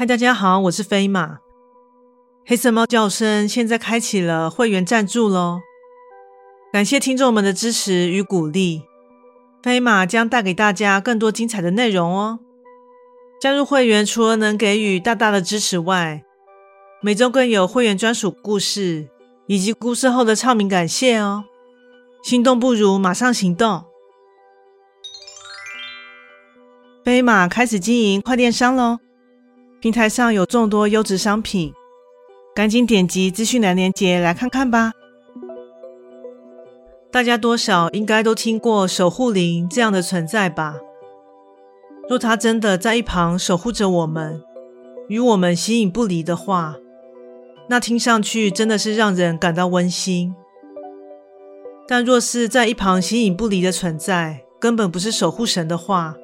嗨，大家好，我是飛馬。黑色貓叫聲現在開啟了會員贊助嘍，感謝聽眾們的支持與鼓勵。飛馬將帶給大家更多精彩的內容哦。加入會員除了能給予大大的支持外，每周更有會員專屬故事以及故事後的唱名感謝哦。心動不如馬上行動，飛馬開始經營快電商嘍。平台上有眾多優質商品，趕緊點擊資訊欄鏈接來看看吧。大家多少應該都聽過守護靈這樣的存在吧？若他真的在一旁守護着我們，與我們形影不離的話，那聽上去真的是讓人感到溫馨。但若是在一旁形影不離的存在，根本不是守護神的話。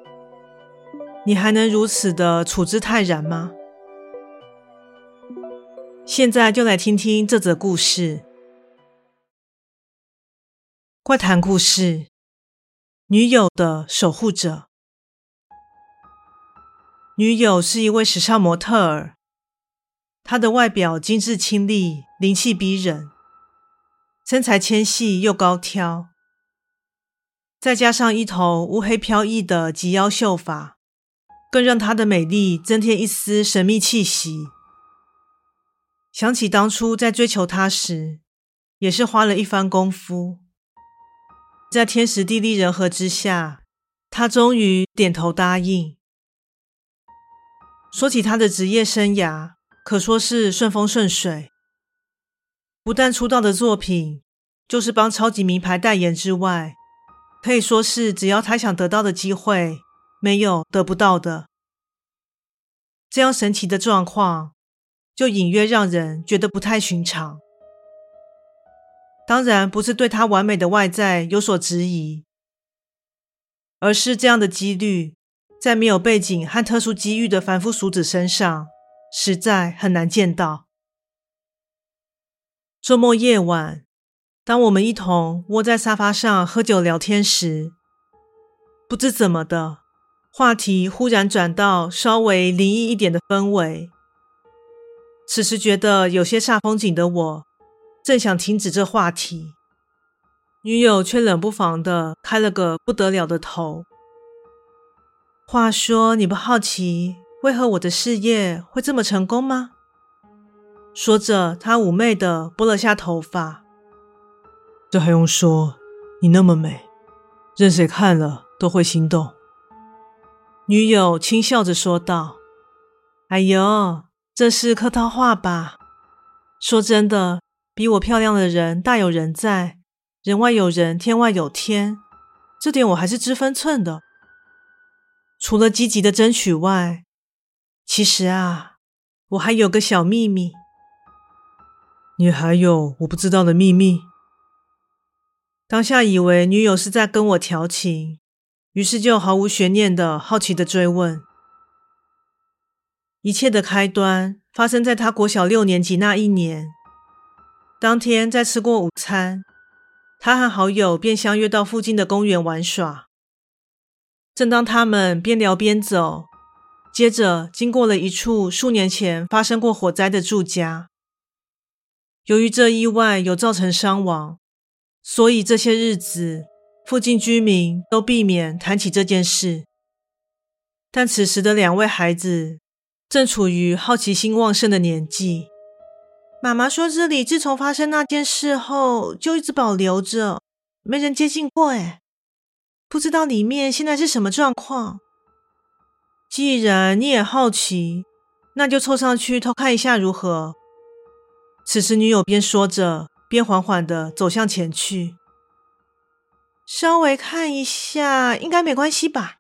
你還能如此的處之泰然嗎？現在就來聽聽這則故事。怪談故事：女友的守護者。女友是一位時尚模特兒，她的外表精致清麗，靈氣逼人，身材纖細又高挑，再加上一頭烏黑飄逸的及腰秀髮。更讓她的美麗增添一絲神祕氣息。想起當初在追求她時，也是花了一番功夫。在天時地利人和之下，她終於點頭答應。說起她的職業生涯，可說是順風順水。不但出道的作品就是幫超級名牌代言之外，可以說是只要她想得到的機會，沒有得不到的。這樣神奇的狀況，就隱約讓人覺得不太尋常。當然，不是對他完美的外在有所質疑，而是這樣的幾率，在沒有背景和特殊機遇的凡夫俗子身上，實在很難見到。周末夜晚，當我們一同窩在沙發上喝酒聊天時，不知怎麼的，話題忽然轉到稍微靈異一點的氛圍，此時覺得有些煞風景的我，正想停止這話題，女友卻冷不防的開了個不得了的頭。話說，你不好奇為何我的事業會這麼成功嗎？說着，她嫵媚的撥了下頭髮。這還用說？你那麼美，任誰看了都會心動。女友輕笑着說道：“哎呦，這是客套話吧？說真的，比我漂亮的人大有人在，人外有人，天外有天，這點我還是知分寸的。除了積極的爭取外，其實啊，我還有個小秘密。你還有我不知道的秘密？當下以為女友是在跟我調情。”於是就毫無懸念的好奇的追問。一切的開端發生在他國小六年級那一年。當天在吃過午餐，他和好友便相約到附近的公園玩耍。正當他們邊聊邊走，接着經過了一處數年前發生過火災的住家。由於這意外有造成傷亡，所以這些日子。附近居民都避免談起這件事，但此時的兩位孩子正處於好奇心旺盛的年紀。媽媽說：“這裡自從發生那件事後，就一直保留着，沒人接近過。哎，不知道裡面現在是什麼狀況。既然你也好奇，那就湊上去偷看一下如何。”此時，女友邊說着，邊緩緩的走向前去。稍微看一下，應該沒關係吧？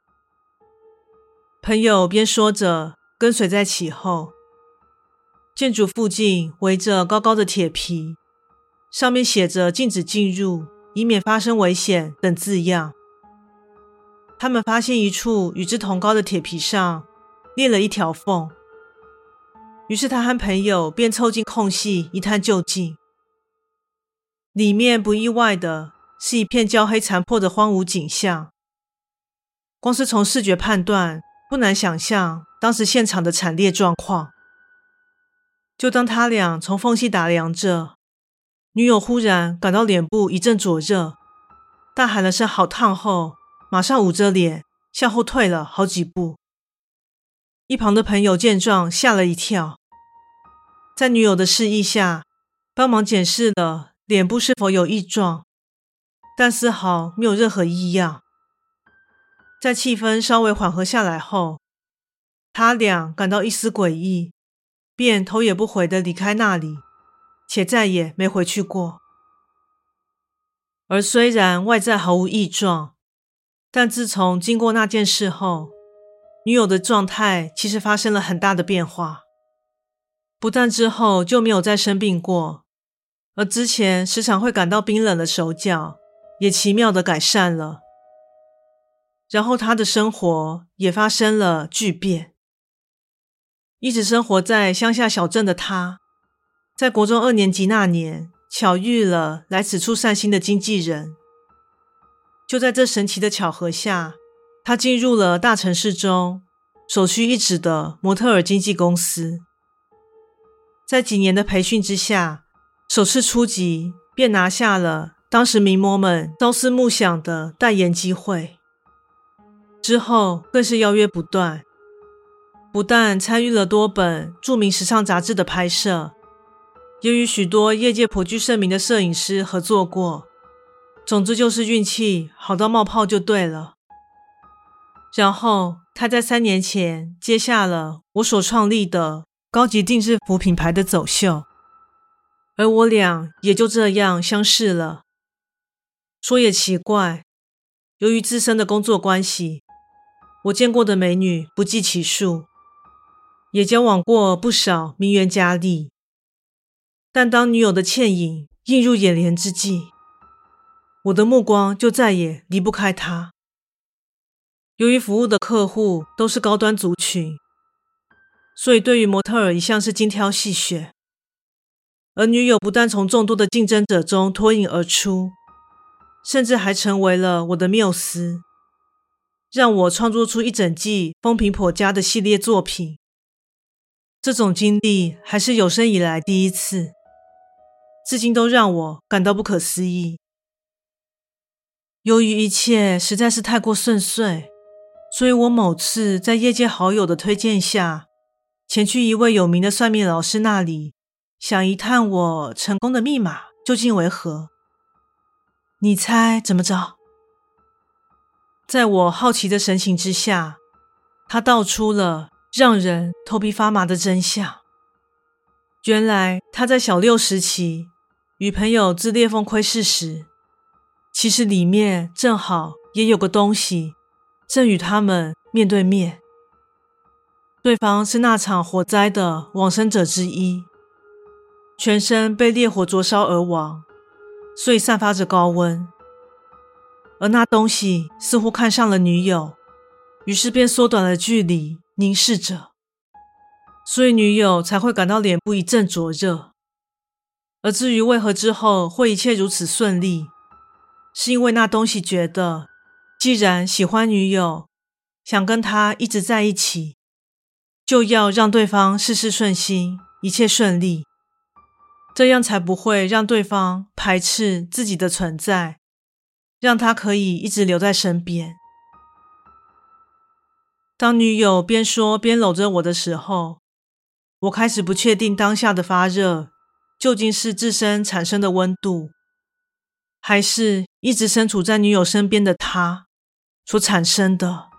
朋友邊說着，跟隨在其後。建築附近圍着高高的鐵皮，上面寫着“禁止進入，以免發生危險”等字樣。他們發現一處與之同高的鐵皮上裂了一條縫，於是他和朋友便湊近空隙一探究竟。裡面不意外的。是一片焦黑殘破的荒蕪景象，光是從視覺判斷，不難想象當時現場的慘烈狀況。就當他倆從縫隙打量着，女友忽然感到臉部一陣灼熱，大喊了聲“好燙”後，馬上捂着臉向後退了好幾步。一旁的朋友見狀嚇了一跳，在女友的示意下，幫忙檢視了臉部是否有異狀。但絲毫沒有任何異樣。在氣氛稍微緩和下來後，他倆感到一絲詭異，便頭也不回的離開那裡，且再也沒回去過。而雖然外在毫無異狀，但自從經過那件事後，女友的狀態其實發生了很大的變化。不但之後就沒有再生病過，而之前時常會感到冰冷的手腳，也奇妙地改善了，然後他的生活也發生了巨變。一直生活在鄉下小鎮的他，在國中二年級那年，巧遇了來此處散心的經紀人。就在這神奇的巧合下，他進入了大城市中首屈一指的模特兒經紀公司。在幾年的培訓之下，首次出擊便拿下了。當時名模們朝思暮想的代言機會，之後更是邀約不斷，不但參與了多本著名時尚雜誌的拍攝，也與許多業界頗具盛名的攝影師合作過。總之就是運氣好到冒泡就對了。然後他在三年前接下了我所創立的高級定制服品牌的走秀，而我倆也就這樣相識了。說也奇怪，由於自身的工作關係，我見過的美女不計其數，也交往過不少名媛佳麗。但當女友的倩影映入眼簾之際，我的目光就再也離不開她。由於服務的客戶都是高端族群，所以對於模特兒一向是精挑細選，而女友不但從眾多的競爭者中脫穎而出。甚至還成為了我的繆斯，讓我創作出一整季《風評頗佳》的系列作品。這種經歷還是有生以來第一次，至今都讓我感到不可思議。由於一切實在是太過順遂，所以我某次在業界好友的推薦下，前去一位有名的算命老師那裡，想一探我成功的密碼究竟為何。你猜怎麼着？在我好奇的神情之下，他道出了讓人頭皮發麻的真相。原來他在小六時期與朋友自裂縫窺視時，其實裡面正好也有個東西正與他們面對面。對方是那場火災的往生者之一，全身被烈火灼燒而亡。所以散發着高溫，而那東西似乎看上了女友，於是便縮短了距離，凝視着，所以女友才會感到臉部一陣灼熱。而至於為何之後會一切如此順利，是因為那東西覺得，既然喜歡女友，想跟她一直在一起，就要讓對方事事順心，一切順利。這樣才不會讓對方排斥自己的存在，讓他可以一直留在身邊。當女友邊說邊摟着我的時候，我開始不確定當下的發熱究竟是自身產生的溫度，還是一直身處在女友身邊的他所產生的。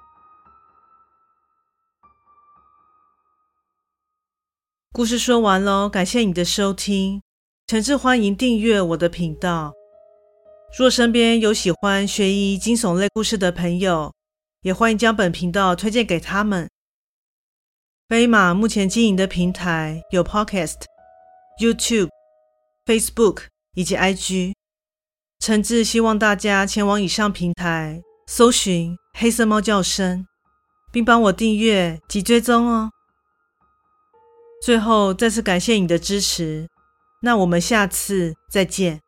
故事說完嘍，感謝你的收聽。誠摯歡迎訂閱我的頻道。若身邊有喜歡懸疑驚悚類故事的朋友，也歡迎將本頻道推薦給他們。飛馬目前經營的平台有 Podcast、YouTube、Facebook 以及 IG。誠摯希望大家前往以上平台搜尋《黑色貓叫聲》，並幫我訂閱及追蹤哦。最後，再次感謝你的支持。那我們下次再見。